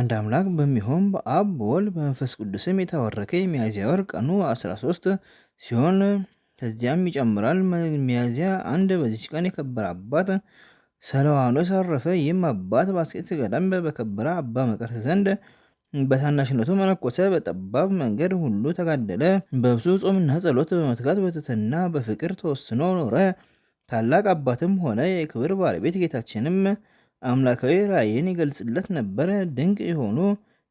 አንድ አምላክ በሚሆን በአብ በወልድ በመንፈስ ቅዱስም የታወረከ የሚያዝያ ወር ቀኑ 13 ሲሆን ከዚያም ይጨምራል። ሚያዝያ አንድ በዚች ቀን የከበረ አባት ሰለዋኖስ አረፈ። ይህም አባት በአስቄት ገዳም በከበረ አባ መቀርስ ዘንድ በታናሽነቱ መነኮሰ። በጠባብ መንገድ ሁሉ ተጋደለ። በብዙ ጾምና ጸሎት በመትጋት በትትና በፍቅር ተወስኖ ኖረ። ታላቅ አባትም ሆነ። የክብር ባለቤት ጌታችንም አምላካዊ ራእይን ይገልጽለት ነበረ። ድንቅ የሆኑ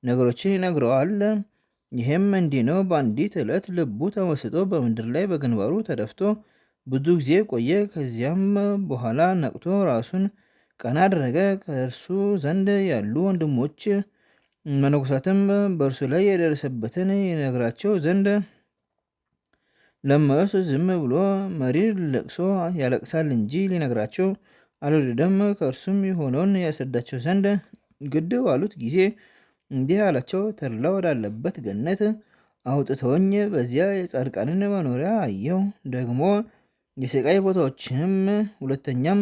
ነገሮችን ይነግረዋል። ይህም እንዲህ ነው። በአንዲት ዕለት ልቡ ተመስጦ በምድር ላይ በግንባሩ ተደፍቶ ብዙ ጊዜ ቆየ። ከዚያም በኋላ ነቅቶ ራሱን ቀና አደረገ። ከእርሱ ዘንድ ያሉ ወንድሞች መነኮሳትም በእርሱ ላይ የደረሰበትን ይነግራቸው ዘንድ ለመኑት። ዝም ብሎ መሪር ለቅሶ ያለቅሳል እንጂ ሊነግራቸው አልወደደም። ከእርሱም የሆነውን ያስረዳቸው ዘንድ ግድ ባሉት ጊዜ እንዲህ አላቸው። ተድላ ወዳለበት ገነት አውጥተውኝ በዚያ የጻድቃንን መኖሪያ አየሁ፣ ደግሞ የስቃይ ቦታዎችንም። ሁለተኛም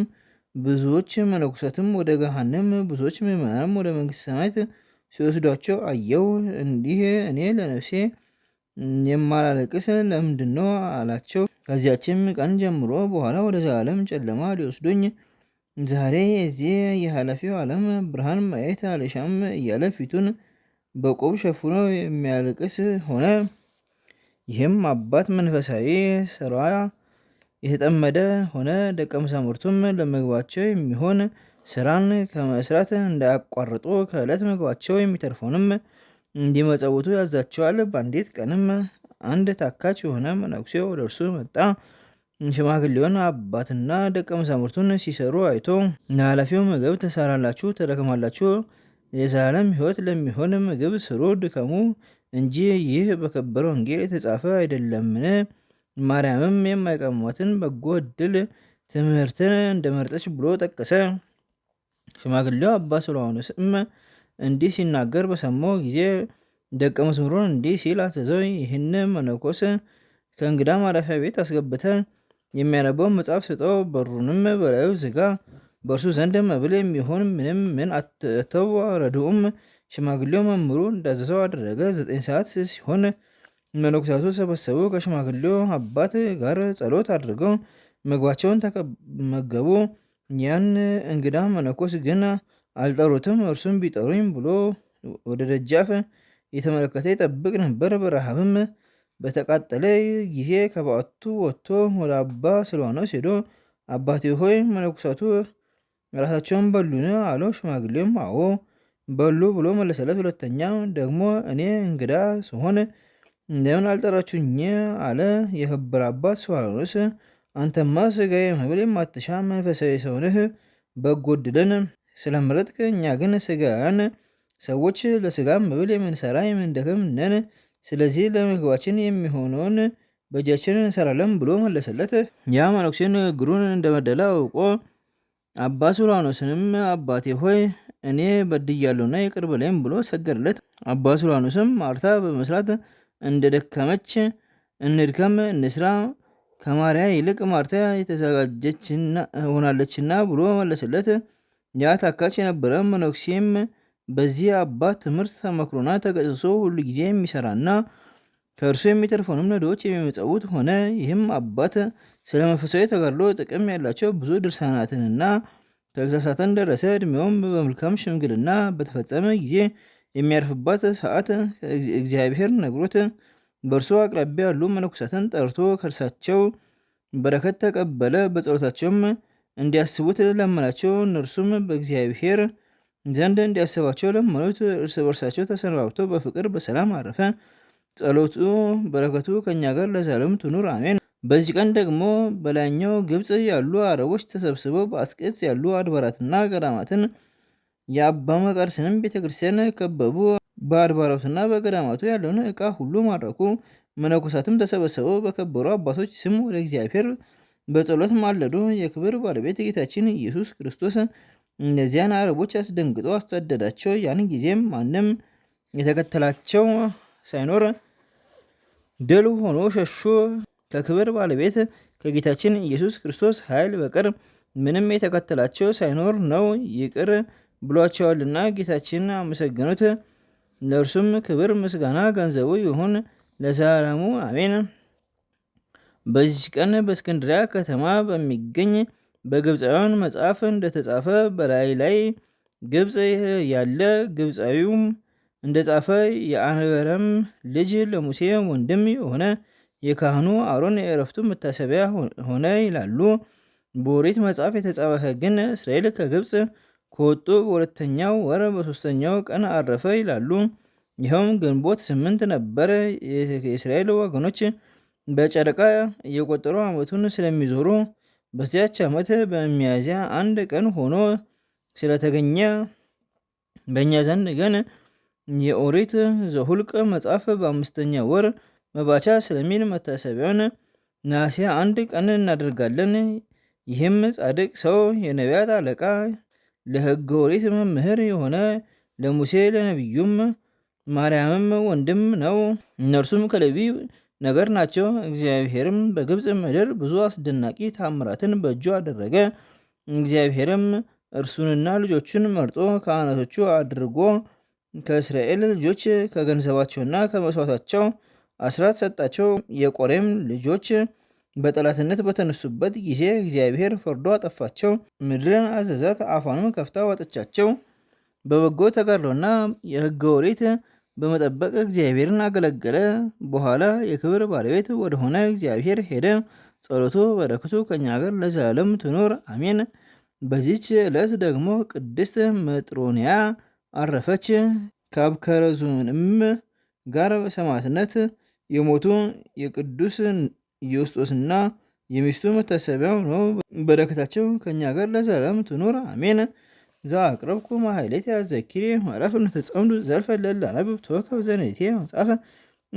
ብዙዎች መነኮሳትም ወደ ገሃንም፣ ብዙዎች ምዕመናንም ወደ መንግስት ሰማያት ሲወስዷቸው አየው። እንዲህ እኔ ለነፍሴ የማላለቅስ ለምንድን ነው አላቸው። ከዚያችም ቀን ጀምሮ በኋላ ወደ ዘላለም ጨለማ ሊወስዱኝ ዛሬ የዚህ የኃላፊው ዓለም ብርሃን ማየት አልሻም እያለ ፊቱን በቆብ ሸፍኖ የሚያልቅስ ሆነ። ይህም አባት መንፈሳዊ ስራ የተጠመደ ሆነ። ደቀ መዛሙርቱም ለምግባቸው የሚሆን ስራን ከመስራት እንዳያቋርጡ ከዕለት ምግባቸው የሚተርፈውንም እንዲመጸውቱ ያዛቸዋል። በአንዲት ቀንም አንድ ታካች የሆነ መነኩሴ ወደ እርሱ መጣ። ሽማግሌውን አባትና ደቀ መዛሙርቱን ሲሰሩ አይቶ ለኃላፊው ምግብ ትሰራላችሁ፣ ትደክማላችሁ፣ የዘላለም ሕይወት ለሚሆን ምግብ ስሩ፣ ድከሙ እንጂ ይህ በከበረ ወንጌል የተጻፈ አይደለምን? ማርያምም የማይቀሟትን በጎ እድል ትምህርትን እንደመረጠች ብሎ ጠቀሰ። ሽማግሌው አባ ስም እንዲህ ሲናገር በሰማው ጊዜ ደቀ መዝሙሩን እንዲህ ሲል አዘዘው፣ ይህን መነኮስ ከእንግዳ ማረፊያ ቤት አስገብተ የሚያነበው መጽሐፍ ስጠው፣ በሩንም በላዩ ዝጋ፣ በእርሱ ዘንድ መብል የሚሆን ምንም ምን አተው ረድኡም ሽማግሌው መምህሩ እንዳዘዘው አደረገ። ዘጠኝ ሰዓት ሲሆን መነኮሳቱ ሰበሰቡ፣ ከሽማግሌው አባት ጋር ጸሎት አድርገው ምግባቸውን ተመገቡ። ያን እንግዳ መነኮስ ግን አልጠሩትም። እርሱም ቢጠሩኝ ብሎ ወደ ደጃፍ የተመለከተ ይጠብቅ ነበር። በረሃብም በተቃጠለ ጊዜ ከበዓቱ ወጥቶ ወደ አባ ስልዋኖስ ሄዶ አባቴ ሆይ መነኮሳቱ ራሳቸውን በሉን? አለው። ሽማግሌም አዎ በሉ ብሎ መለሰለት። ሁለተኛ ደግሞ እኔ እንግዳ ስሆን እንደምን አልጠራችሁኝ? አለ። የክብር አባት ስልዋኖስ አንተማ ስጋዬ መብል የማትሻ መንፈሳዊ ሰውንህ በጎድለን ስለምረጥክ፣ እኛ ግን ስጋን ሰዎች ለስጋ መብል የምንሰራ የምንደክም ነን። ስለዚህ ለምግባችን የሚሆነውን በእጃችን እንሰራለን ብሎ መለሰለት። ያ መነኩሴ እግሩን እንደመደላ አውቆ አባ ሱላኖስንም አባቴ ሆይ እኔ በድያለሁና ይቅር በለኝ ብሎ ሰገድለት። አባ ሱላኖስም ማርታ በመስራት እንደደከመች እንድከም እንስራ ከማርያ ይልቅ ማርታ የተዘጋጀች ሆናለችና ብሎ መለሰለት። ያ ታካች የነበረ መነኩሴም በዚህ አባት ትምህርት ተመክሮና ተገጽሶ ሁሉ ጊዜ የሚሰራና ከእርሱ የሚተርፈውንም ነዶዎች የሚመጸውት ሆነ። ይህም አባት ስለ መንፈሳዊ ተጋድሎ ጥቅም ያላቸው ብዙ ድርሳናትንና ተግሳሳትን ደረሰ። እድሜውም በመልካም ሽምግልና በተፈጸመ ጊዜ የሚያርፍባት ሰዓት እግዚአብሔር ነግሮት በእርሱ አቅራቢያ ያሉ መነኮሳትን ጠርቶ ከእርሳቸው በረከት ተቀበለ። በጸሎታቸውም እንዲያስቡት ለመናቸው። እነርሱም በእግዚአብሔር ዘንድ እንዲያስባቸው ለመኑት። እርስ በርሳቸው ተሰነባብቶ በፍቅር በሰላም አረፈ። ጸሎቱ በረከቱ ከእኛ ጋር ለዘላለም ትኑር አሜን። በዚህ ቀን ደግሞ በላይኛው ግብፅ ያሉ አረቦች ተሰብስበው በአስቄጥስ ያሉ አድባራትና ገዳማትን የአባ መቃርስንም ቤተክርስቲያን ከበቡ። በአድባራቱና በገዳማቱ ያለውን ዕቃ ሁሉ ማረኩ። መነኮሳትም ተሰበሰበው በከበሩ አባቶች ስም ወደ እግዚአብሔር በጸሎት ማለዱ። የክብር ባለቤት ጌታችን ኢየሱስ ክርስቶስ እነዚያን አረቦች አስደንግጦ አሳደዳቸው። ያን ጊዜም ማንም የተከተላቸው ሳይኖር ድል ሆኖ ሸሹ። ከክብር ባለቤት ከጌታችን ኢየሱስ ክርስቶስ ኃይል በቀር ምንም የተከተላቸው ሳይኖር ነው ይቅር ብሏቸዋልና ጌታችን አመሰገኑት። ለእርሱም ክብር ምስጋና ገንዘቡ ይሁን ለዘላለሙ አሜን። በዚች ቀን በእስክንድሪያ ከተማ በሚገኝ በግብፃውያን መጽሐፍ እንደተጻፈ በላይ ላይ ግብፅ ያለ ግብፃዊውም እንደጻፈ የአንበረም ልጅ ለሙሴ ወንድም የሆነ የካህኑ አሮን የእረፍቱ መታሰቢያ ሆነ ይላሉ። በኦሪት መጽሐፍ የተጻፈ ግን እስራኤል ከግብፅ ከወጡ በሁለተኛው ወር በሶስተኛው ቀን አረፈ ይላሉ። ይኸውም ግንቦት ስምንት ነበር። የእስራኤል ወገኖች በጨረቃ እየቆጠሩ ዓመቱን ስለሚዞሩ በዚያች ዓመት በሚያዝያ አንድ ቀን ሆኖ ስለተገኘ በእኛ ዘንድ ግን የኦሪት ዘሁልቅ መጽሐፍ በአምስተኛ ወር መባቻ ስለሚል መታሰቢያውን ነሐሴ አንድ ቀን እናደርጋለን። ይህም ጻድቅ ሰው የነቢያት አለቃ ለሕገ ኦሪት መምህር የሆነ ለሙሴ ለነቢዩም ማርያምም ወንድም ነው። እነርሱም ከሌዊ ነገር ናቸው። እግዚአብሔርም በግብፅ ምድር ብዙ አስደናቂ ታምራትን በእጁ አደረገ። እግዚአብሔርም እርሱንና ልጆቹን መርጦ ካህናቶቹ አድርጎ ከእስራኤል ልጆች ከገንዘባቸውና ከመስዋዕታቸው አስራት ሰጣቸው። የቆሬም ልጆች በጠላትነት በተነሱበት ጊዜ እግዚአብሔር ፈርዶ አጠፋቸው። ምድርን አዘዛት፣ አፏንም ከፍታ ዋጠቻቸው። በበጎ ተጋድሎና የሕገ ኦሪት በመጠበቅ እግዚአብሔርን አገለገለ። በኋላ የክብር ባለቤት ወደሆነ እግዚአብሔር ሄደ። ጸሎቱ በረከቱ ከኛ ጋር ለዘላለም ትኑር አሜን። በዚች ዕለት ደግሞ ቅድስት መጥሮንያ አረፈች። ካብከረዙንም ጋር ሰማዕትነት የሞቱ የቅዱስ ዮስጦስና የሚስቱ መታሰቢያው ነው። በረከታቸው ከኛ ጋር ለዘላለም ትኑር አሜን። ዘአቅረብኩ ማሕሌተ ያዘኪሬ ምዕራፍ እምነተጸምዱ ዘርፈለላ ነብብ ተወከብ ዘኔቴ መጻፈ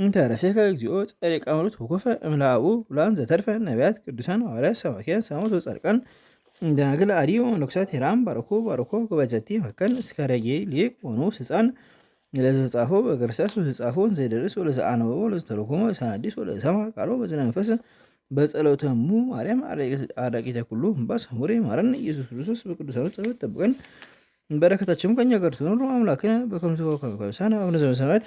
እንተረሴከ እግዚኦ ጸሪቀ ምሩት ወኮፈ እምላኡ ብላን ዘተርፈ ነቢያት ቅዱሳን ሐዋርያት ሰባክያን ሳሞት ወጸርቀን እንደናግል አዲ መነኮሳት ሄራም ባረኮ ባረኮ ገበዘቲ መከን እስከረጌ ሊቅ ሆኖ ስፃን ለዘጻፎ በገርሳስ ህጻፎን ዘይደርስ ወለዘአነበቦ ለዘተረጎመ ሳናዲስ ወለዘሰማ ቃሎ በዝነ መንፈስ በጸሎተሙ ማርያም አራቂተ ኩሉ እምባስ ኅቡሬ ማረን ኢየሱስ ክርስቶስ በቅዱሳኑ ጸሎት ጠብቀን። በረከታችሁም ከእኛ ጋር ትኖሩ አምላክን በከምቱ ከመካሳን አቡነ ዘበሰማያት